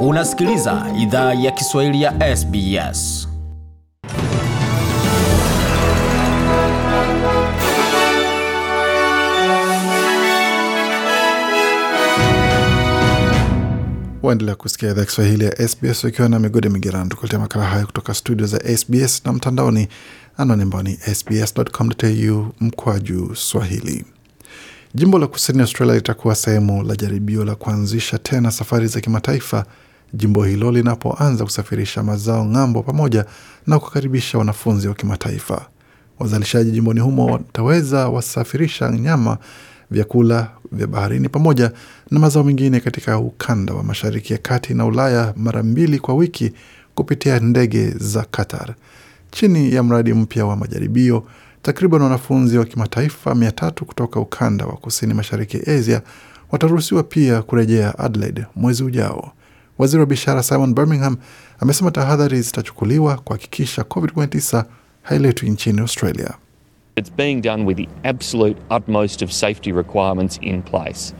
Unasikiliza idhaa ya Kiswahili ya SBS. Waendelea kusikia idhaa Kiswahili ya SBS ukiwa na migode migerano, tukuletea makala hayo kutoka studio za SBS na mtandaoni, anwani ambao ni sbs.com.au mkwaju swahili. Jimbo la kusini Australia litakuwa sehemu la jaribio la kuanzisha tena safari za kimataifa jimbo hilo linapoanza kusafirisha mazao ng'ambo, pamoja na kukaribisha wanafunzi wa kimataifa. Wazalishaji jimboni humo wataweza wasafirisha nyama, vyakula vya baharini pamoja na mazao mengine katika ukanda wa Mashariki ya Kati na Ulaya mara mbili kwa wiki kupitia ndege za Qatar. Chini ya mradi mpya wa majaribio, takriban wanafunzi wa kimataifa mia tatu kutoka ukanda wa kusini mashariki Asia wataruhusiwa pia kurejea Adelaide mwezi ujao. Waziri wa biashara Simon Birmingham amesema tahadhari zitachukuliwa kuhakikisha COVID-19 hailetwi nchini Australia. It's being done with the absolute utmost of safety requirements in place.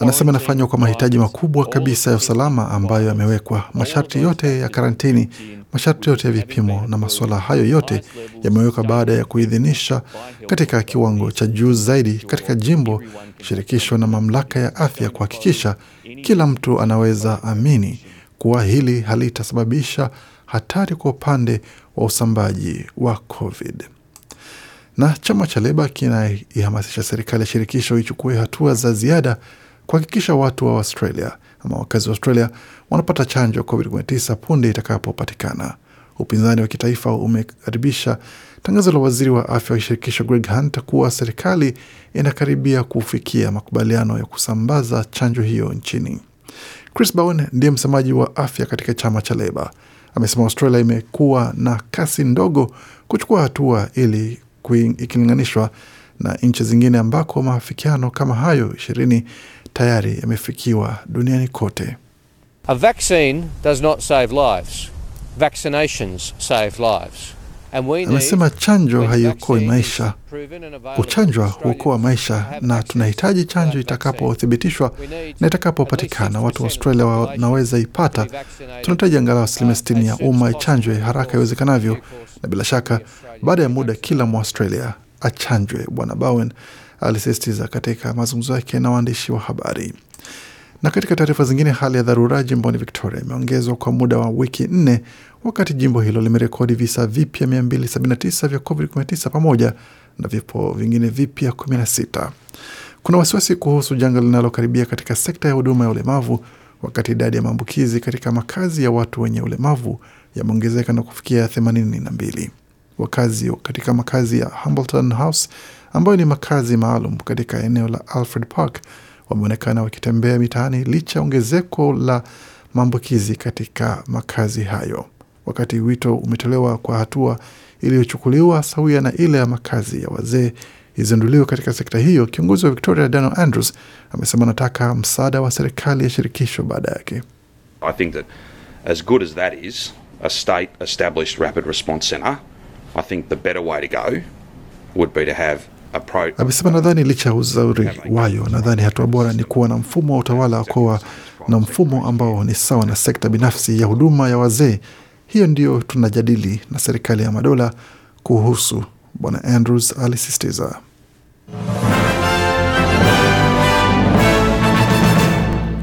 Anasema inafanywa kwa mahitaji makubwa kabisa ya usalama ambayo yamewekwa. Masharti yote ya karantini Masharti yote ya vipimo na masuala hayo yote yamewekwa baada ya kuidhinisha katika kiwango cha juu zaidi katika jimbo shirikisho na mamlaka ya afya kuhakikisha kila mtu anaweza amini kuwa hili halitasababisha hatari kwa upande wa usambaji wa COVID na chama cha Leba kinaihamasisha serikali ya shirikisho ichukue hatua za ziada kuhakikisha watu wa Australia ama wakazi wa Australia wanapata chanjo ya COVID-19 punde itakapopatikana. Upinzani wa kitaifa umekaribisha tangazo la waziri wa afya wa shirikisho Greg Hunt kuwa serikali inakaribia kufikia makubaliano ya kusambaza chanjo hiyo nchini. Chris Bowen ndiye msemaji wa afya katika chama cha Leba amesema Australia imekuwa na kasi ndogo kuchukua hatua ili ikilinganishwa na nchi zingine ambako maafikiano kama hayo ishirini tayari yamefikiwa duniani kote. A vaccine does not save lives. Vaccinations save lives. Amesema chanjo haiokoi maisha, kuchanjwa huokoa maisha, na tunahitaji chanjo itakapothibitishwa na itakapopatikana, watu wa Australia wanaweza ipata. Tunahitaji angalau asilimia uh, sitini ya umma ichanjwe haraka iwezekanavyo, na bila shaka baada ya muda kila Mwaustralia achanjwe, Bwana Bowen alisisitiza katika mazungumzo yake na waandishi wa habari. Na katika taarifa zingine, hali ya dharura jimboni Victoria imeongezwa kwa muda wa wiki nne, wakati jimbo hilo limerekodi visa vipya 279 vya COVID-19 pamoja na vifo vingine vipya 16. Kuna wasiwasi kuhusu janga linalokaribia katika sekta ya huduma ya ulemavu, wakati idadi ya maambukizi katika makazi ya watu wenye ulemavu yameongezeka na kufikia 82 wakazi katika makazi ya Hambleton House ambayo ni makazi maalum katika eneo la Alfred Park wameonekana wakitembea mitaani licha ya ongezeko la maambukizi katika makazi hayo, wakati wito umetolewa kwa hatua iliyochukuliwa sawia na ile ya makazi ya wazee izinduliwe katika sekta hiyo. Kiongozi wa Victoria Daniel Andrews amesema anataka msaada wa serikali ya shirikisho baada yake. I think that as good as that is a state established rapid response center I think the better way to go would be to have Amesema nadhani licha ya uzauri wayo, nadhani hatua bora ni kuwa na mfumo wa utawala kuwa na mfumo ambao ni sawa na sekta binafsi ya huduma ya wazee. Hiyo ndiyo tunajadili na serikali ya madola kuhusu, Bwana Andrews alisistiza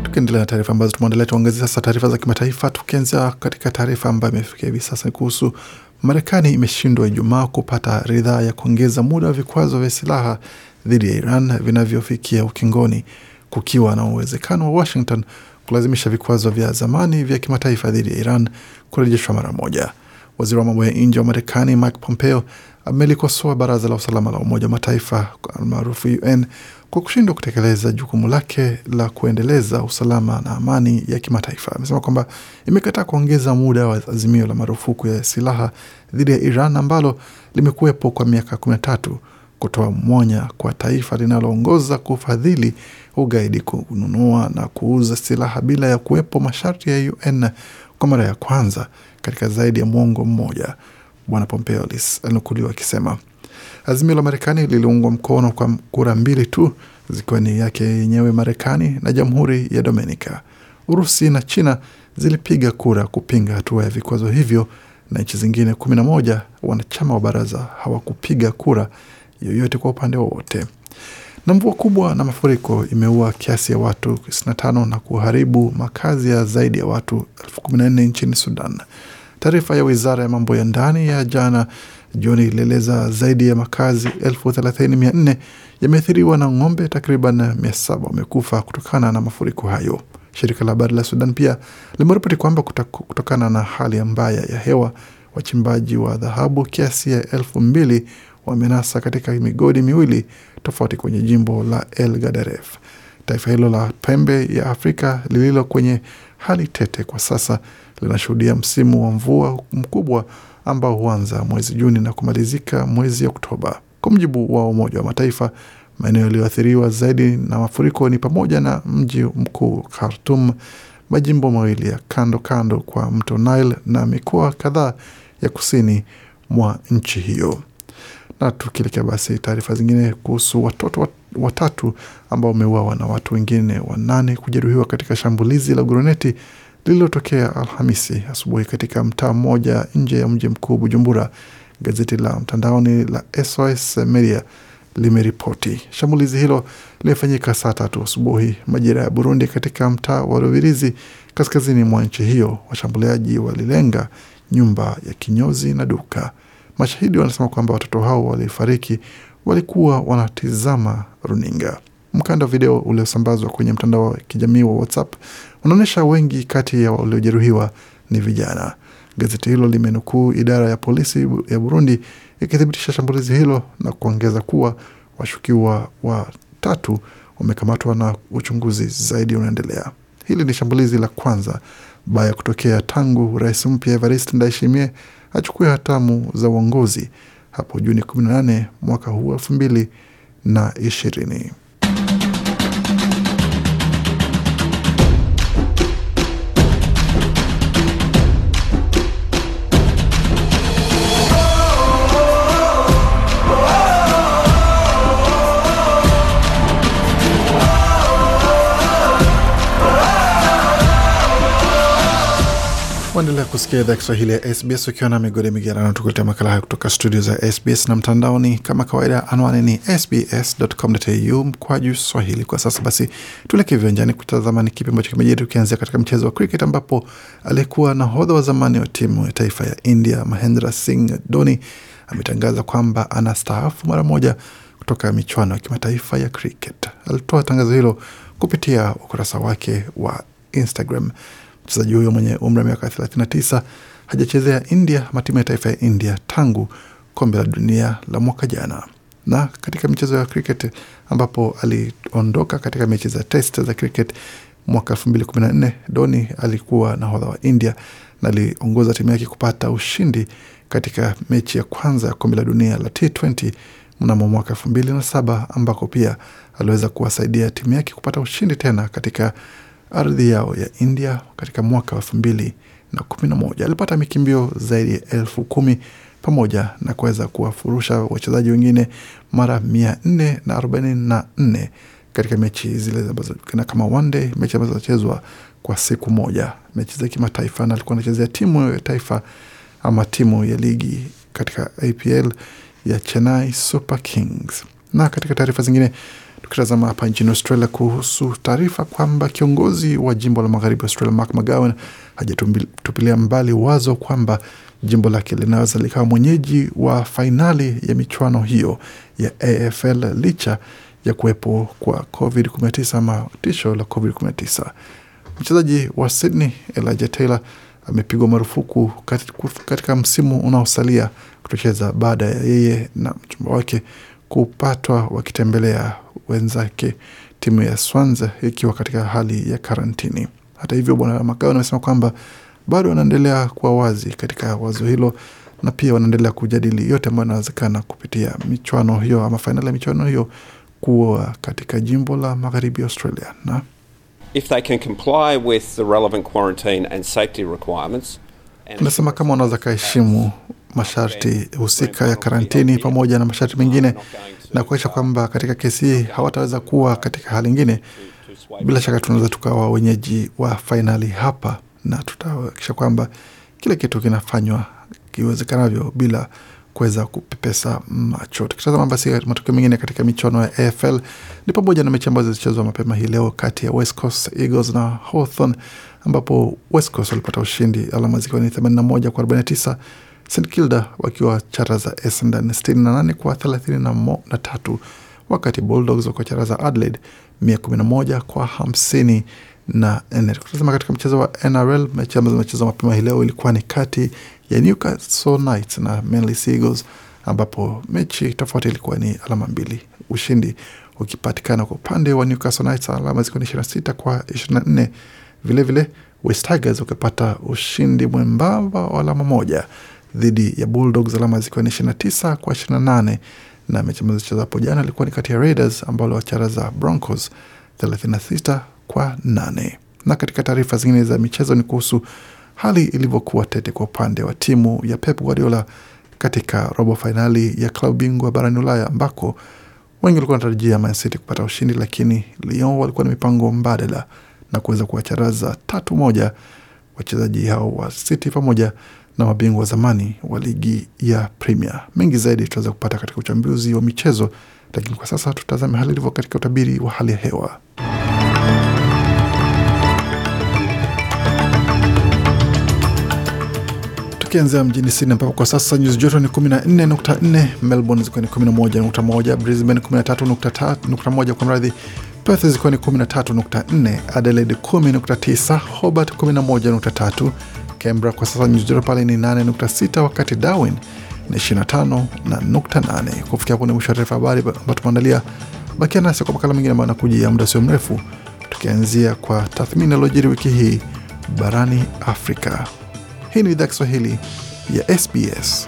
Tukiendelea na taarifa ambazo tumeandalia, tuangazie sasa taarifa za kimataifa, tukianzia katika taarifa ambayo imefikia hivi sasa kuhusu Marekani imeshindwa Ijumaa kupata ridhaa ya kuongeza muda wa vikwazo vya silaha dhidi ya Iran vinavyofikia ukingoni, kukiwa na uwezekano wa Washington kulazimisha vikwazo vya zamani vya kimataifa dhidi ya Iran kurejeshwa mara moja. Waziri wa mambo ya nje wa Marekani Mike Pompeo amelikosoa baraza la usalama la Umoja wa Mataifa maarufu UN kwa kushindwa kutekeleza jukumu lake la kuendeleza usalama na amani ya kimataifa. Amesema kwamba imekataa kuongeza muda wa azimio la marufuku ya silaha dhidi ya Iran ambalo limekuwepo kwa miaka kumi na tatu, kutoa mwanya kwa taifa linaloongoza kufadhili ugaidi kununua na kuuza silaha bila ya kuwepo masharti ya UN kwa mara ya kwanza katika zaidi ya mwongo mmoja. Bwana Pompeo alinukuliwa akisema azimio la Marekani liliungwa mkono kwa kura mbili tu, zikiwa ni yake yenyewe Marekani na Jamhuri ya dominica Urusi na China zilipiga kura kupinga hatua ya vikwazo hivyo, na nchi zingine moja wanachama wa baraza hawakupiga kura yoyote kwa upande wowote. Na mvua kubwa na mafuriko imeua kiasi ya watu 95 na kuharibu makazi ya zaidi ya watu 14 nchini Sudan. Taarifa ya wizara ya mambo ya ndani ya jana jioni ilieleza zaidi ya makazi 34 yameathiriwa na ng'ombe takriban 700 wamekufa kutokana na mafuriko hayo. Shirika la habari la Sudan pia limeripoti kwamba kutokana na hali mbaya ya hewa wachimbaji wa dhahabu kiasi ya elfu mbili wamenasa katika migodi miwili tofauti kwenye jimbo la El Gadaref. Taifa hilo la pembe ya Afrika lililo kwenye hali tete kwa sasa linashuhudia msimu wa mvua mkubwa ambao huanza mwezi Juni na kumalizika mwezi Oktoba. Kwa mujibu wa Umoja wa Mataifa, maeneo yaliyoathiriwa zaidi na mafuriko ni pamoja na mji mkuu Khartum, majimbo mawili ya kando kando kwa mto Nile na mikoa kadhaa ya kusini mwa nchi hiyo. Na tukielekea basi taarifa zingine kuhusu watoto watatu ambao wameuawa na watu wengine wanane kujeruhiwa katika shambulizi la guruneti lililotokea Alhamisi asubuhi katika mtaa mmoja nje ya mji mkuu Bujumbura. Gazeti la mtandaoni la SOS Media limeripoti shambulizi hilo lilifanyika saa tatu asubuhi majira ya Burundi katika mtaa wa Rubirizi kaskazini mwa nchi hiyo. Washambuliaji walilenga nyumba ya kinyozi na duka. Mashahidi wanasema kwamba watoto hao walifariki walikuwa wanatizama runinga. Mkanda wa video uliosambazwa kwenye mtandao wa kijamii wa WhatsApp unaonyesha wengi kati ya waliojeruhiwa ni vijana. Gazeti hilo limenukuu idara ya polisi ya Burundi ikithibitisha shambulizi hilo na kuongeza kuwa washukiwa watatu wamekamatwa na uchunguzi zaidi unaendelea. Hili ni shambulizi la kwanza baya kutokea tangu rais mpya Evariste Ndayishimiye achukue hatamu za uongozi hapo Juni 18 mwaka huu elfu mbili na ishirini. Waendelea kusikia idhaa Kiswahili ya SBS ukiwa na migodi migerano, tukuletea makala haya kutoka studio za SBS na mtandaoni. Kama kawaida, anwani ni sbs.com.au mkwaju swahili. Kwa sasa basi, tuelekee viwanjani kutazama ni kipi ambacho kimejiri, tukianzia katika mchezo wa cricket ambapo aliyekuwa nahodha wa zamani wa timu ya taifa ya India Mahendra Singh Dhoni ametangaza kwamba anastaafu mara moja kutoka michuano ya kimataifa ya cricket. Alitoa tangazo hilo kupitia ukurasa wake wa Instagram. Mchezaji huyo mwenye umri wa miaka 39 hajachezea India ama timu ya taifa ya India tangu kombe la dunia la mwaka jana. Na katika michezo ya cricket, ambapo aliondoka katika mechi za test za cricket mwaka 2014, Doni alikuwa nahodha wa India na aliongoza timu yake kupata ushindi katika mechi ya kwanza ya kombe la dunia la T20 mnamo mwaka saba ambako pia aliweza kuwasaidia timu yake kupata ushindi tena katika ardhi yao ya India katika mwaka wa elfu mbili na kumi na moja. Alipata mikimbio zaidi ya elfu kumi pamoja na kuweza kuwafurusha wachezaji wengine mara mia nne na arobaini na nne katika mechi zile kama one day, mechi ambazo zinachezwa kwa siku moja, mechi za kimataifa, na alikuwa anachezea timu ya taifa ama timu ya ligi katika APL ya Chennai Super Kings. Na katika taarifa zingine Tukitazama hapa nchini Australia kuhusu taarifa kwamba kiongozi wa jimbo la magharibi Australia Mark McGowan hajatupilia mbali wazo kwamba jimbo lake linaweza likawa mwenyeji wa fainali ya michuano hiyo ya AFL licha ya kuwepo kwa COVID-19 ama tisho la COVID-19. Mchezaji wa Sydney Elijah Taylor amepigwa marufuku katika msimu unaosalia kutocheza baada ya yeye na mchumba wake kupatwa wakitembelea wenzake timu ya swanza ikiwa katika hali ya karantini. Hata hivyo, Bwana Magawa amesema kwamba bado wanaendelea kuwa wazi katika wazo hilo na pia wanaendelea kujadili yote ambayo inawezekana kupitia michuano hiyo ama fainali ya michuano hiyo kuwa katika jimbo la magharibi Australia na If they can comply with the relevant quarantine and safety requirements, anasema kama wanaweza kaheshimu masharti husika ya karantini pamoja na masharti mengine na kuakisha kwamba katika kesi hii hawataweza kuwa katika hali ingine. Bila shaka tunaweza tukawa wenyeji wa fainali hapa, na tutahakikisha kwamba kila kitu kinafanywa kiwezekanavyo bila kuweza kupepesa macho. Tukitazama basi matokeo mengine katika michuano ya AFL ni pamoja na mechi ambazo zilichezwa mapema hii leo kati ya West Coast Eagles na Hawthorn ambapo West Coast walipata ushindi alama zikiwa ni 81 kwa 49 St Kilda wakiwa chara za Essendon 68 kwa 33, wakati Bulldogs wakiwa chara za Adelaide 111 kwa 50 na katika mchezo wa NRL, mechi ambazo zimechezwa mapema hii leo ilikuwa ni kati ya Newcastle Knights na Manly Seagulls, ambapo mechi tofauti ilikuwa ni alama mbili, ushindi ukipatikana kwa upande wa Newcastle Knights, alama zikiwa ni 26 kwa 24. Vilevile West Tigers ukipata ushindi mwembamba wa alama moja dhidi ya Bulldogs, alama zikiwa ni 29 kwa 28, na mechi ambazo zilichezwa hapo jana ilikuwa ni kati ya Raiders ambao waliwacharaza Broncos 36 kwa 8. Na katika taarifa zingine za michezo ni kuhusu hali ilivyokuwa tete kwa upande wa timu ya Pep Guardiola katika robo fainali ya klabu bingwa barani Ulaya ambako wengi walikuwa wanatarajia Man City kupata ushindi, lakini Lyon walikuwa na mipango mbadala na kuweza kuwacharaza tatu moja wachezaji hao wa City pamoja na mabingwa wa zamani wa ligi ya Premier. Mengi zaidi tutaweza kupata katika uchambuzi wa michezo, lakini kwa sasa tutazame hali ilivyo katika utabiri wa hali ya hewa. Tukianzia mjini Sydney ambapo kwa sasa nyuzi joto ni 14.4, Melbourne zikiwa ni 11.1, Brisbane 13.1 kwa mradhi, Perth zikiwa ni 13.4, Adelaide 10.9, Hobart 11.3 Canberra kwa sasa nyuzi joto pale ni 8.6, wakati Darwin ni 25 na nukta 8. Kufikia hapo ni mwisho wa taarifa habari ambayo tumeandalia. Bakia nasi kwa makala mengine ambayo anakujia muda sio mrefu, tukianzia kwa tathmini iliyojiri wiki hii barani Afrika. Hii ni idhaa Kiswahili ya SBS.